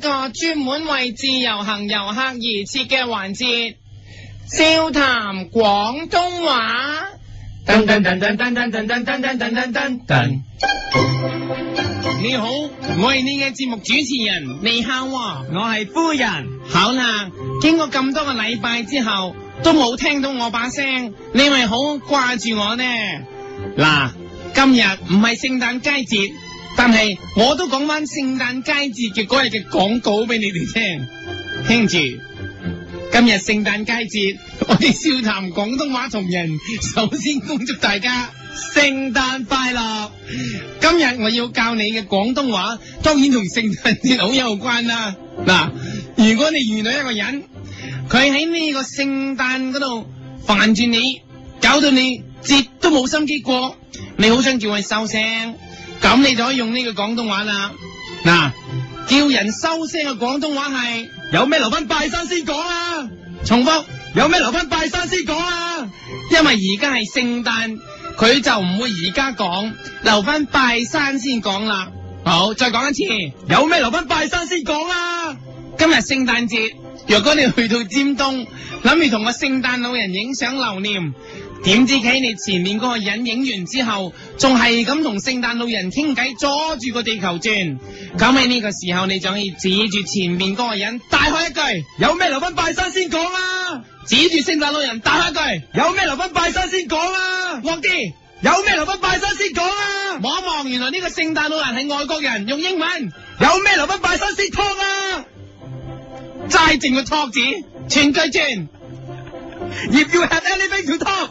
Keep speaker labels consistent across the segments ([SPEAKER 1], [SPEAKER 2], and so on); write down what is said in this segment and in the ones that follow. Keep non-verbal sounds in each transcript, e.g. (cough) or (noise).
[SPEAKER 1] 一個專門為自由行遊客而設嘅環節，笑談廣東話。你好，我係你嘅節目主持人，你喊我係夫人。好啦，經過咁多個禮拜之後，都冇聽到我把聲，你咪好掛住我呢？嗱，今日唔係聖誕佳節。但係我都講返聖誕佳節嘅嗰日嘅廣告俾你哋聽，聽住今日聖誕佳節，節，我哋笑談廣東話同人，首先恭祝大家聖誕快樂。今日我要教你嘅廣東話，當然同聖誕節好有關啦、啊。嗱，如果你遇到一個人，佢喺呢個聖誕嗰度煩住你，搞到你節都冇心機過，你好想叫佢收聲。咁你就可以用呢個廣東話啦，嗱，叫人收聲嘅廣東話係，有咩留返拜山先講啦、啊，重複，有咩留返拜山先講啦、啊，因為而家係聖誕，佢就唔會而家講，留返拜山先講啦，好，再講一次，有咩留返拜山先講啦、啊，今日聖誕節，若果你去到尖東，諗住同個聖誕老人影相留念。點知企你前面嗰個人影完之後，仲係咁同聖誕老人傾偈，阻住個地球轉。咁喺呢個時候，你就可以指住前面嗰個人，大喝一句：有咩留翻拜山先講啦、啊！指住聖誕老人，大喝一句：有咩留翻拜山先講啦、啊！我啲有咩留翻拜山先講啦、啊！望一望，原來呢個聖誕老人係外國人，用英文有咩留翻拜山先 talk 啊！齋淨個 talk 字，全句正，葉要 (laughs) have anything to talk。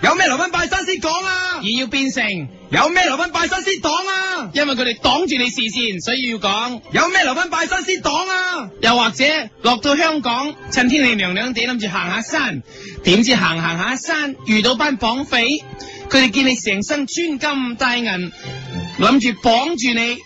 [SPEAKER 1] 有咩留翻拜山先講啊！而要變成有咩留翻拜山先擋啊！因為佢哋擋住你視線，所以要講有咩留翻拜山先擋啊！又或者落到香港，趁天氣涼涼哋諗住行下山，點知行行下山遇到班綁匪，佢哋見你成身穿金戴銀，諗住綁住你，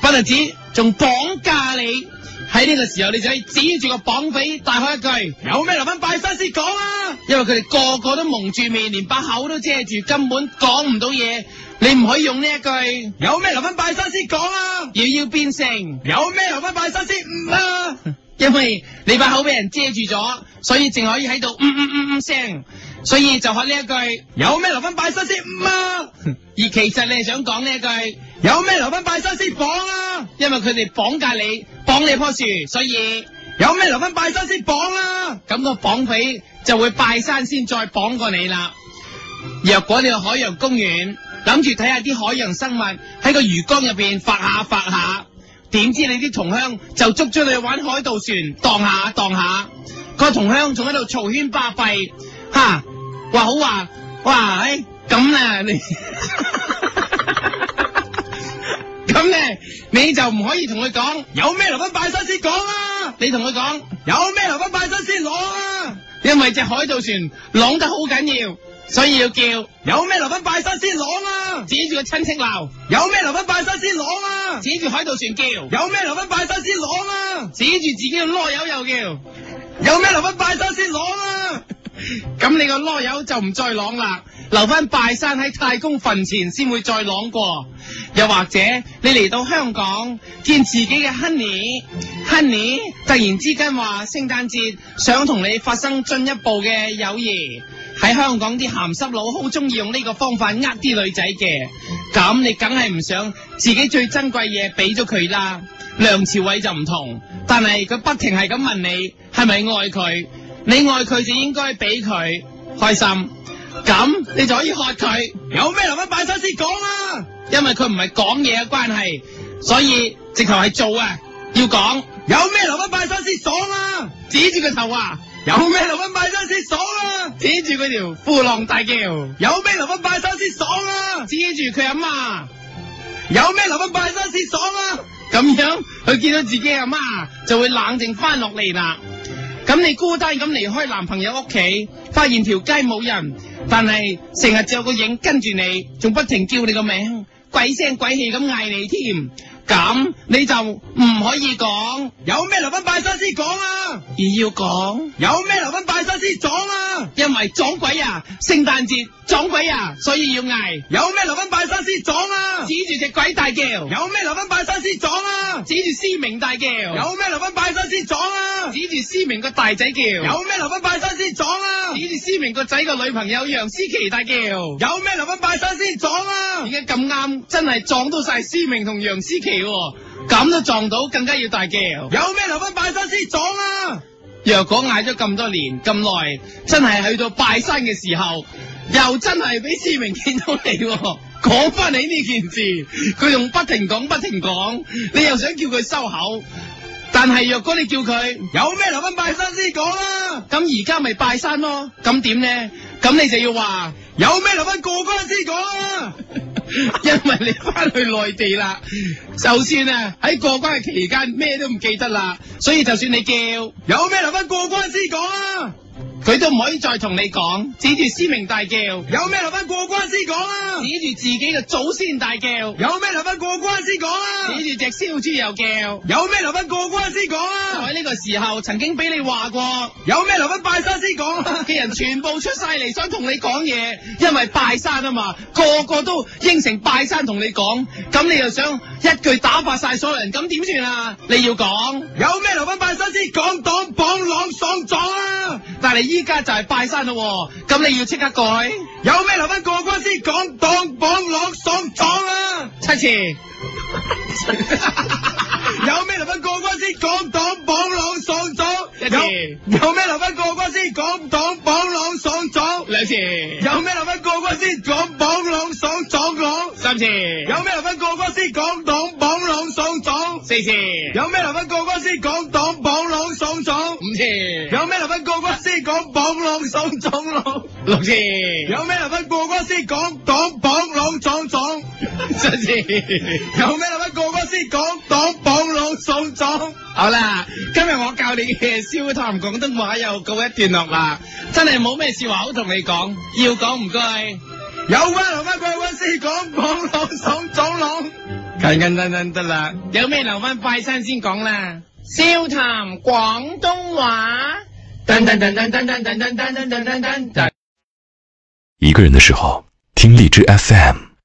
[SPEAKER 1] 不就只仲綁架你？喺呢個時候，你就可以指住個綁匪，大開一句：有咩留翻拜山先講啊！因為佢哋個個都蒙住面，連把口都遮住，根本講唔到嘢。你唔可以用呢一句：有咩留翻拜山先講啊！而要,要變成有咩留翻拜山先唔啊！因為你把口俾人遮住咗，所以淨可以喺度嗯嗯嗯嗯聲，所以就學呢一句： (laughs) 有咩留翻拜山先唔啊！而其實你係想講呢一句： (laughs) 有咩留翻拜山先講。因為佢哋綁架你，綁你棵樹，所以有咩留翻拜山先綁啦。咁個綁匪就會拜山先再綁過你啦。若果你去海洋公園，諗住睇下啲海洋生物喺個魚缸入邊發下發下，點知你啲同鄉就捉咗你去玩海盜船蕩下蕩下，個同鄉仲喺度嘈喧巴閉，吓話好話，我話哎咁啊你。你，你就唔可以同佢講，有咩留翻拜山先講啊？你同佢講，有咩留翻拜山先攞啊？因為隻海盜船攞得好緊要，所以要叫有咩留翻拜山先攞啊？指住個親戚鬧，有咩留翻拜山先攞啊？指住海盜船叫，有咩留翻拜山先攞啊？指住自己個囉柚又叫， (laughs) 有咩留翻拜山先攞啊？咁 (laughs) 你個囉柚就唔再攞啦。留翻拜山喺太公墳前先會再啷過，又或者你嚟到香港見自己嘅 (noise) Honey，Honey 突然之間話聖誕節想同你發生進一步嘅友誼，喺香港啲鹹濕佬好中意用呢個方法呃啲女仔嘅，咁你梗係唔想自己最珍貴嘢俾咗佢啦。梁朝偉就唔同，但係佢不停係咁問你係咪愛佢，你愛佢就應該俾佢開心。咁你就可以喝佢，有咩留翻拜山先講啊？因為佢唔係講嘢嘅關係，所以直頭係做啊。要講有咩留翻拜山先爽啊？指住個頭啊。有咩留翻拜山先爽啊，指住佢條褲浪大叫。有咩留翻拜山先爽啊，指住佢阿媽。有咩留翻拜山先爽啊，咁樣佢見到自己阿媽就會冷靜翻落嚟啦。咁你孤單咁離開男朋友屋企，發現條街冇人，但係成日著個影跟住你，仲不停叫你個名，鬼聲鬼氣咁嗌你添。咁你就唔可以講，有咩留翻拜山先講啊！而要講，有咩留翻拜山先撞啊！因為撞鬼啊，聖誕節撞鬼啊，所以要嗌。有咩留翻拜山先撞啊！指住隻鬼大叫。有咩留翻拜山先撞啊！指住思明大叫。有咩留翻拜山先撞啊！指住思明個大仔叫。有咩留翻拜山先撞啊！指住思明個仔個、啊、女朋友楊思琪大叫。有咩留翻拜山先撞啊！而家咁啱，真係撞到晒思明同楊思琪。咁都撞到，更加要大叫！有咩留翻拜山先撞啊！若果嗌咗咁多年咁耐，真係去到拜山嘅時候，又真係俾思明見到你、啊，講翻你呢件事，佢仲不停講不停講，你又想叫佢收口？但係若果你叫佢有咩留翻拜山先講啦，咁而家咪拜山咯，咁點呢？咁你就要話。有咩留翻過關先講，啊？ (laughs) 因為你翻去內地啦，首先啊喺過關嘅期間咩都唔記得啦，所以就算你叫有咩留翻過關先講啊。佢都唔可以再同你講，指住司命大叫，有咩留翻過關先講啊？指住自己嘅祖先大叫，有咩留翻過關先講啊？指住隻燒豬又叫，有咩留翻過關先講啊？就喺呢個時候，曾經俾你話過，有咩留翻拜山先講嘅人全部出晒嚟，想同你講嘢，因為拜山啊嘛，個個都應承拜山同你講，咁你又想一句打發晒所有人，咁點算啊？你要講，有咩留翻拜山先講，擋綁朗爽壯啊！你依家就係拜山咯，咁你要即刻改。有咩留翻過關先講檔榜朗爽咗啊！七次， (laughs) 有咩留翻過關先講檔榜朗爽咗一次。有有咩留翻過關先講檔榜朗爽咗。兩次，有咩留翻過關先講榜朗爽咗。三次。四次，有咩留翻告哥先？講黨榜老爽總。五次，有咩留翻告哥先？講榜老爽總。六六次，有咩留翻告哥先？講黨榜老爽總。七次，有咩留翻告哥先？講黨榜老爽總。好啦，今日我教你嘅笑談廣東話又告一段落啦，真係冇咩笑話好同你講，要講唔該，有咩留翻告哥先？講黨榜老爽總得啦，有咩留返快餐先講啦。笑談廣東話，噔噔噔噔噔噔噔噔噔。一個人的時候，聽荔枝 FM。